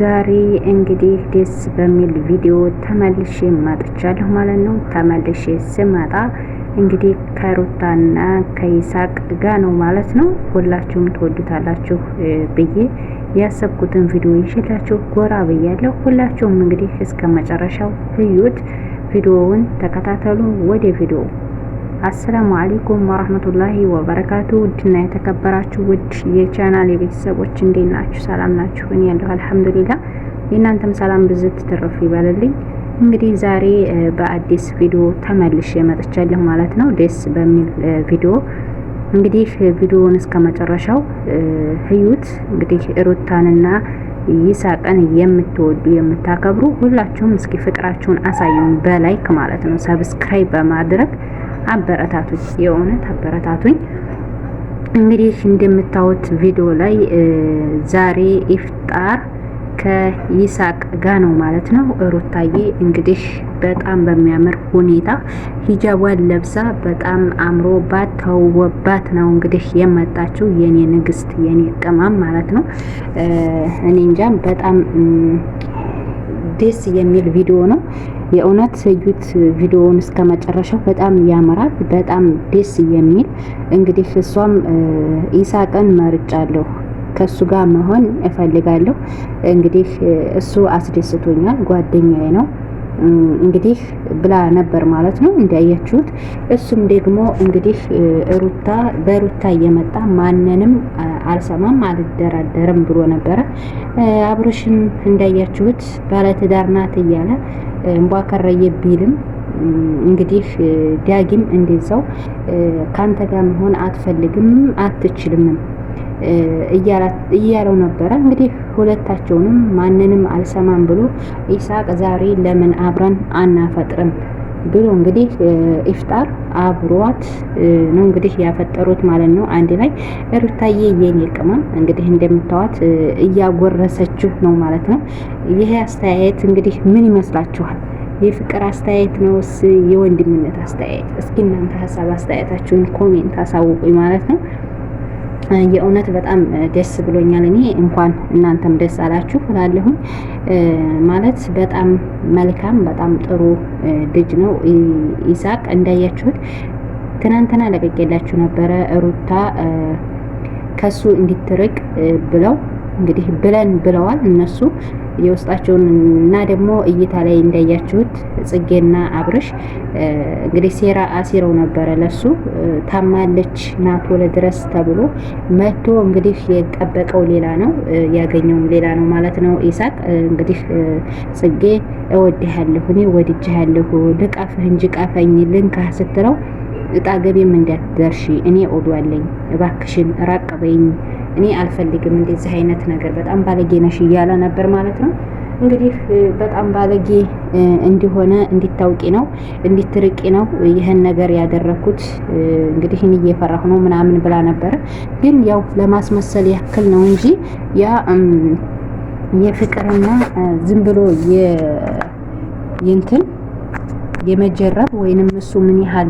ዛሬ እንግዲህ ደስ በሚል ቪዲዮ ተመልሼ መጥቻለሁ ማለት ነው። ተመልሼ ስመጣ እንግዲህ ከሩታና ከይሳቅ ጋ ነው ማለት ነው። ሁላችሁም ትወዱታላችሁ ብዬ ያሰብኩትን ቪዲዮ ይሽላችሁ ጎራ ብያለሁ። ሁላችሁም እንግዲህ እስከ መጨረሻው ህዩት ቪዲዮውን ተከታተሉ። ወደ ቪዲዮ አሰላሙ አሌይኩም ወራህመቱላሂ ወበረካቱ። ውድና የተከበራችሁ ውድ የቻናል የቤተሰቦች እንዴት ናችሁ? ሰላም ናችሁ? እኔ ያለሁ አልሐምዱሊላ። የእናንተም ሰላም ብዝት ትርፍ ይበልልኝ። እንግዲህ ዛሬ በአዲስ ቪዲዮ ተመልሼ መጥቻለሁ ማለት ነው፣ ደስ በሚል ቪዲዮ እንግዲህ ቪዲዮውን እስከ መጨረሻው ህዩት። እንግዲህ ሩታንና ይሳቅን የምትወዱ የምታከብሩ ሁላችሁም እስኪ ፍቅራችሁን አሳዩን በላይክ ማለት ነው፣ ሰብስክራይብ በማድረግ አበረታቱኝ፣ የእውነት አበረታቱኝ። እንግዲህ እንደምታዩት ቪዲዮ ላይ ዛሬ ኢፍጣር ከይሳቅ ጋ ነው ማለት ነው። ሩታዬ እንግዲህ በጣም በሚያምር ሁኔታ ሂጃቧን ለብሳ በጣም አምሮባት ተውቦባት ነው እንግዲህ የመጣችው የኔ ንግስት የኔ ቅማም ማለት ነው። እኔ እንጃም በጣም ደስ የሚል ቪዲዮ ነው። የእውነት እዩት ቪዲዮውን እስከ መጨረሻው። በጣም ያምራል፣ በጣም ደስ የሚል እንግዲህ እሷም ኢሳቅን መርጫለሁ ከእሱ ጋር መሆን እፈልጋለሁ። እንግዲህ እሱ አስደስቶኛል፣ ጓደኛዬ ነው። እንግዲህ ብላ ነበር ማለት ነው እንዳያችሁት። እሱም ደግሞ እንግዲህ ሩታ በሩታ እየመጣ ማንንም አልሰማም አልደራደርም ብሎ ነበረ። አብርሽም እንዳያችሁት ባለትዳር ናት እያለ እንቧከረየ ቢልም እንግዲህ ዳጊም እንደዛው ካንተ ጋር መሆን አትፈልግም አትችልምም እያለው ነበረ። እንግዲህ ሁለታቸውንም ማንንም አልሰማም ብሎ ኢሳቅ ዛሬ ለምን አብረን አናፈጥርም ብሎ እንግዲህ ኢፍጣር አብሯት ነው እንግዲህ ያፈጠሩት ማለት ነው። አንድ ላይ ሩታዬ የኔ ቅመም እንግዲህ እንደምታዋት እያጎረሰችው ነው ማለት ነው። ይሄ አስተያየት እንግዲህ ምን ይመስላችኋል? የፍቅር አስተያየት ነውስ የወንድምነት አስተያየት? እስኪ እናንተ ሀሳብ አስተያየታችሁን ኮሜንት አሳውቁኝ ማለት ነው። የእውነት በጣም ደስ ብሎኛል። እኔ እንኳን እናንተም ደስ አላችሁ እላለሁኝ። ማለት በጣም መልካም በጣም ጥሩ ልጅ ነው ይሳቅ። እንዳያችሁት ትናንትና ለቀቄላችሁ ነበረ ሩታ ከሱ እንዲትርቅ ብለው እንግዲህ ብለን ብለዋል እነሱ የውስጣቸውን እና ደግሞ እይታ ላይ እንዳያችሁት ጽጌና አብርሽ እንግዲህ ሴራ አሲረው ነበረ። ለሱ ታማለች ናቶ ለድረስ ተብሎ መቶ እንግዲህ የጠበቀው ሌላ ነው ያገኘውም ሌላ ነው ማለት ነው። ኢሳቅ እንግዲህ ጽጌ እወድሃለሁ፣ እኔ ወድጄሃለሁ፣ ልቃፍህ እንጂ ቃፈኝ ልንካህ ስትለው እጣ ገቤም እንዳትደርሺ እኔ አለኝ እባክሽን ራቅ በይኝ እኔ አልፈልግም እንደዚህ አይነት ነገር በጣም ባለጌ ነሽ እያለ ነበር ማለት ነው። እንግዲህ በጣም ባለጌ እንዲሆነ እንዲታውቂ ነው እንዲትርቂ ነው ይህን ነገር ያደረኩት። እንግዲህ እኔ እየፈራሁ ነው ምናምን ብላ ነበር። ግን ያው ለማስመሰል ያክል ነው እንጂ ያ የፍቅርና ዝም ብሎ የእንትን የመጀረብ ወይንም እሱ ምን ያህል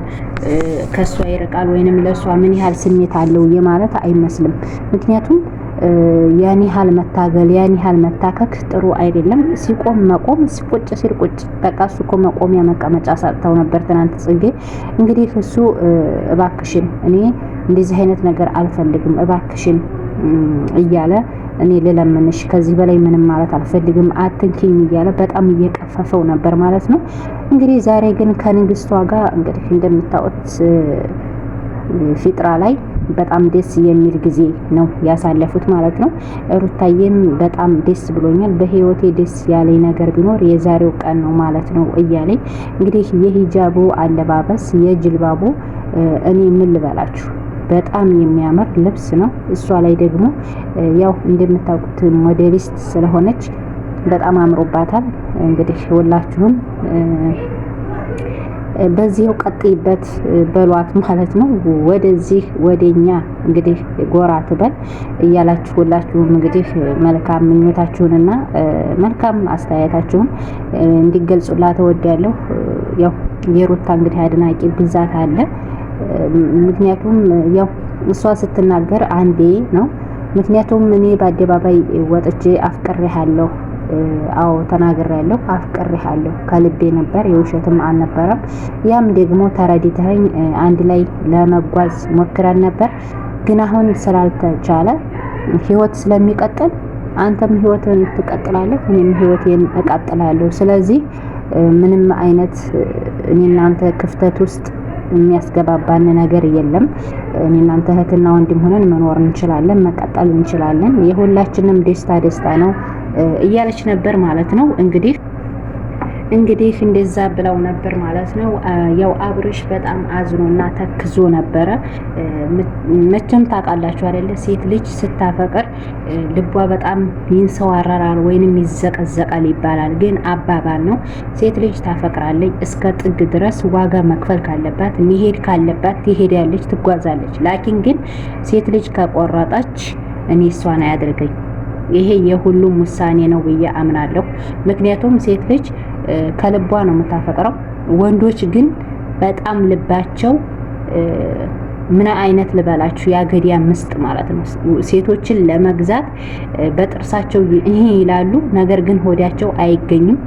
ከእሷ ይርቃል ወይንም ለእሷ ምን ያህል ስሜት አለው የማለት አይመስልም። ምክንያቱም ያን ያህል መታገል ያን ያህል መታከክ ጥሩ አይደለም። ሲቆም መቆም፣ ሲቁጭ ሲል ቁጭ። በቃ እሱ እኮ መቆሚያ መቀመጫ ሰጥተው ነበር ትናንት ጽጌ። እንግዲህ እሱ እባክሽን፣ እኔ እንደዚህ አይነት ነገር አልፈልግም፣ እባክሽን እያለ እኔ ልለምንሽ፣ ከዚህ በላይ ምንም ማለት አልፈልግም፣ አትንኪኝ እያለ በጣም እየቀፈፈው ነበር ማለት ነው። እንግዲህ ዛሬ ግን ከንግስቷ ጋር እንግዲህ እንደምታዩት ፊጥራ ላይ በጣም ደስ የሚል ጊዜ ነው ያሳለፉት ማለት ነው። ሩታዬም በጣም ደስ ብሎኛል፣ በህይወቴ ደስ ያለኝ ነገር ቢኖር የዛሬው ቀን ነው ማለት ነው እያለኝ እንግዲህ የሂጃቡ አለባበስ የጅልባቡ እኔ ምን ልበላችሁ በጣም የሚያምር ልብስ ነው። እሷ ላይ ደግሞ ያው እንደምታውቁት ሞዴሊስት ስለሆነች በጣም አምሮባታል። እንግዲህ ሁላችሁም በዚህው ቀጥይበት በሏት ማለት ነው። ወደዚህ ወደኛ እንግዲህ ጎራ ትበል እያላችሁ ሁላችሁም እንግዲህ መልካም ምኞታችሁንና መልካም አስተያየታችሁን እንዲገልጹላት እወዳለሁ። ያው የሩታ እንግዲህ አድናቂ ብዛት አለ። ምክንያቱም ያው እሷ ስትናገር አንዴ ነው። ምክንያቱም እኔ በአደባባይ ወጥቼ አፍቅሬሃለሁ፣ አዎ ተናግሬያለሁ፣ አፍቅሬሃለሁ ከልቤ ነበር፣ የውሸትም አልነበረም። ያም ደግሞ ተረድተኸኝ አንድ ላይ ለመጓዝ ሞክረን ነበር፣ ግን አሁን ስላልተቻለ ህይወት ስለሚቀጥል አንተም ህይወትን ትቀጥላለህ፣ እኔም ህይወቴን እቀጥላለሁ። ስለዚህ ምንም አይነት እኔ እናንተ ክፍተት ውስጥ የሚያስገባባን ነገር የለም። እናንተ እህትና ወንድም ሆነን መኖር እንችላለን፣ መቀጠል እንችላለን። የሁላችንም ደስታ ደስታ ነው እያለች ነበር ማለት ነው እንግዲህ እንግዲህ እንደዛ ብለው ነበር ማለት ነው። ያው አብርሽ በጣም አዝኖና ተክዞ ነበረ። መቼም ታውቃላችሁ አይደለ ሴት ልጅ ስታፈቅር ልቧ በጣም ይንሰዋረራል ወይንም ይዘቀዘቃል ይባላል። ግን አባባል ነው። ሴት ልጅ ታፈቅራለች እስከ ጥግ ድረስ ዋጋ መክፈል ካለባት መሄድ ካለባት ትሄዳለች፣ ትጓዛለች። ላኪን ግን ሴት ልጅ ከቆረጠች እኔ እሷን አያደርገኝ ይሄ የሁሉም ውሳኔ ነው ብዬ አምናለሁ። ምክንያቱም ሴት ልጅ ከልቧ ነው የምታፈቅረው። ወንዶች ግን በጣም ልባቸው ምን አይነት ልበላችሁ የአገዲያ ምስጥ ማለት ነው። ሴቶችን ለመግዛት በጥርሳቸው ይሄ ይላሉ፣ ነገር ግን ሆዳቸው አይገኝም።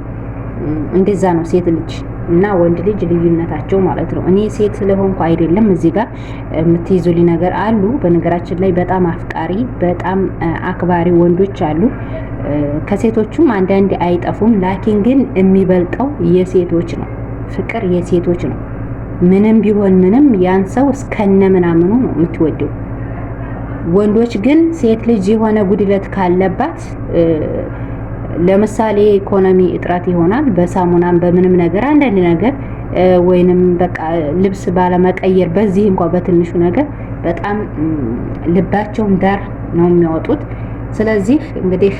እንደዛ ነው ሴት ልጅ እና ወንድ ልጅ ልዩነታቸው ማለት ነው። እኔ ሴት ስለሆንኩ አይደለም እዚህ ጋር የምትይዙልኝ ነገር አሉ። በነገራችን ላይ በጣም አፍቃሪ በጣም አክባሪ ወንዶች አሉ። ከሴቶቹም አንዳንድ አይጠፉም። ላኪን ግን የሚበልጠው የሴቶች ነው። ፍቅር የሴቶች ነው። ምንም ቢሆን ምንም ያን ሰው እስከነ ምናምኑ ነው የምትወደው። ወንዶች ግን ሴት ልጅ የሆነ ጉድለት ካለባት ለምሳሌ ኢኮኖሚ እጥረት ይሆናል። በሳሙናም በምንም ነገር አንዳንድ ነገር ወይንም በቃ ልብስ ባለመቀየር በዚህ እንኳ በትንሹ ነገር በጣም ልባቸውን ዳር ነው የሚያወጡት። ስለዚህ እንግዲህ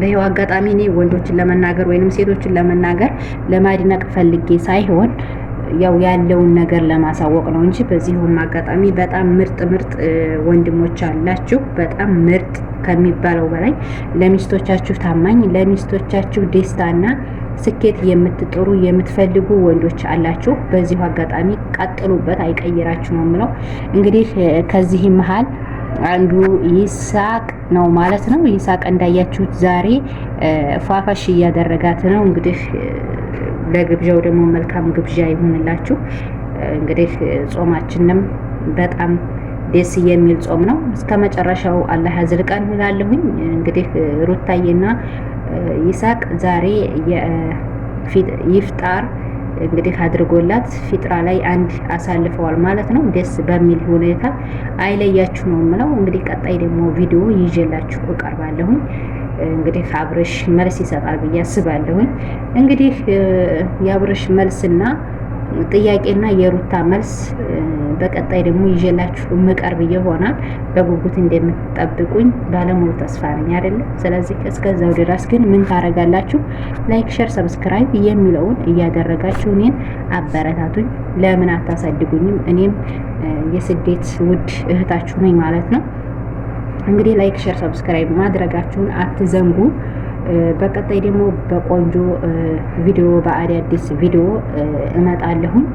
በይው አጋጣሚ እኔ ወንዶችን ለመናገር ወይንም ሴቶችን ለመናገር ለማድነቅ ፈልጌ ሳይሆን ያው ያለውን ነገር ለማሳወቅ ነው እንጂ በዚሁም አጋጣሚ በጣም ምርጥ ምርጥ ወንድሞች አላችሁ። በጣም ምርጥ ከሚባለው በላይ ለሚስቶቻችሁ ታማኝ፣ ለሚስቶቻችሁ ደስታና ስኬት የምትጥሩ የምትፈልጉ ወንዶች አላችሁ። በዚሁ አጋጣሚ ቀጥሉበት፣ አይቀይራችሁ ነው የምለው። እንግዲህ ከዚህ መሀል አንዱ ይሳቅ ነው ማለት ነው። ይሳቅ እንዳያችሁት ዛሬ ፏፋሽ እያደረጋት ነው እንግዲህ ለግብዣው ደግሞ መልካም ግብዣ ይሁንላችሁ። እንግዲህ ጾማችንም በጣም ደስ የሚል ጾም ነው። እስከ መጨረሻው አላህ ያዝልቀን እላለሁኝ። እንግዲህ ሩታዬና ይሳቅ ዛሬ ይፍጣር እንግዲህ አድርጎላት ፊጥራ ላይ አንድ አሳልፈዋል ማለት ነው። ደስ በሚል ሁኔታ አይለያችሁ ነው የምለው። እንግዲህ ቀጣይ ደግሞ ቪዲዮ ይዤላችሁ እቀርባለሁኝ። እንግዲህ አብርሽ መልስ ይሰጣል ብዬ አስባለሁኝ። እንግዲህ የአብርሽ መልስና ጥያቄና የሩታ መልስ በቀጣይ ደግሞ ይዤላችሁ የምቀርብ ይሆናል። በጉጉት እንደምትጠብቁኝ ባለሙሉ ተስፋ ነኝ አይደለም። ስለዚህ እስከዛው ድረስ ግን ምን ታደርጋላችሁ? ላይክ፣ ሸር፣ ሰብስክራይብ የሚለውን እያደረጋችሁ እኔን አበረታቱኝ። ለምን አታሳድጉኝም? እኔም የስደት ውድ እህታችሁ ነኝ ማለት ነው። እንግዲህ ላይክ፣ ሼር፣ ሰብስክራይብ ማድረጋችሁን አትዘንጉ። በቀጣይ ደግሞ በቆንጆ ቪዲዮ በአዳዲስ ቪዲዮ እመጣለሁኝ።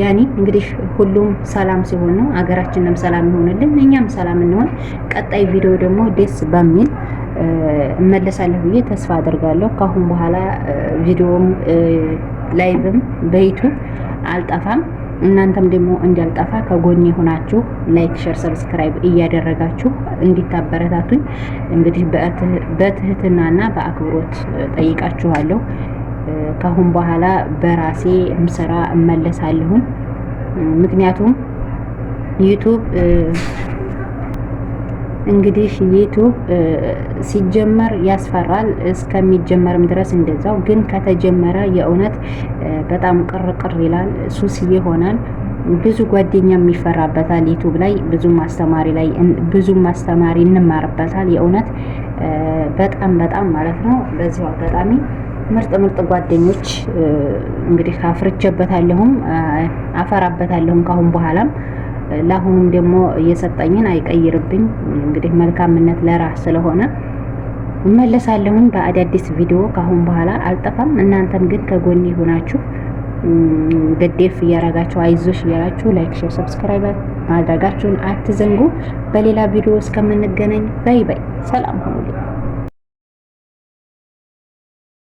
ያኔ እንግዲህ ሁሉም ሰላም ሲሆን ነው አገራችንም ሰላም ይሆንልን፣ እኛም ሰላም እንሆን። ቀጣይ ቪዲዮ ደግሞ ደስ በሚል እመለሳለሁ ብዬ ተስፋ አድርጋለሁ። ከአሁን በኋላ ቪዲዮም ላይቭም በዩቱብ አልጠፋም። እናንተም ደግሞ እንዳልጠፋ ከጎን የሆናችሁ ላይክ፣ ሸር፣ ሰብስክራይብ እያደረጋችሁ እንዲታበረታቱኝ እንግዲህ በትህትናና በአክብሮት ጠይቃችኋለሁ። ካሁን በኋላ በራሴ ምሰራ እመለሳለሁን ምክንያቱም ዩቱብ እንግዲህ ዩቱብ ሲጀመር ያስፈራል፣ እስከሚጀመርም ድረስ እንደዛው። ግን ከተጀመረ የእውነት በጣም ቅር ቅር ይላል፣ ሱስ ይሆናል። ብዙ ጓደኛም ይፈራበታል። ዩቱብ ላይ ብዙ ማስተማሪ ላይ ብዙ ማስተማሪ እንማርበታል። የእውነት በጣም በጣም ማለት ነው። በዚሁ አጋጣሚ ምርጥ ምርጥ ጓደኞች እንግዲህ አፍርቼበታለሁም አፈራበታለሁም ካሁን በኋላም ለአሁኑም ደግሞ እየሰጠኝን አይቀይርብኝ። እንግዲህ መልካምነት ለራስ ስለሆነ እመለሳለሁኝ በአዳዲስ ቪዲዮ ከአሁን በኋላ አልጠፋም። እናንተም ግን ከጎን ሆናችሁ ግዴፍ እያረጋችሁ አይዞሽ እያላችሁ ላይክ፣ ሼር፣ ሰብስክራይብ ማድረጋችሁን አትዘንጉ። በሌላ ቪዲዮ እስከምንገናኝ በይ በይ፣ ሰላም ሁኑልኝ።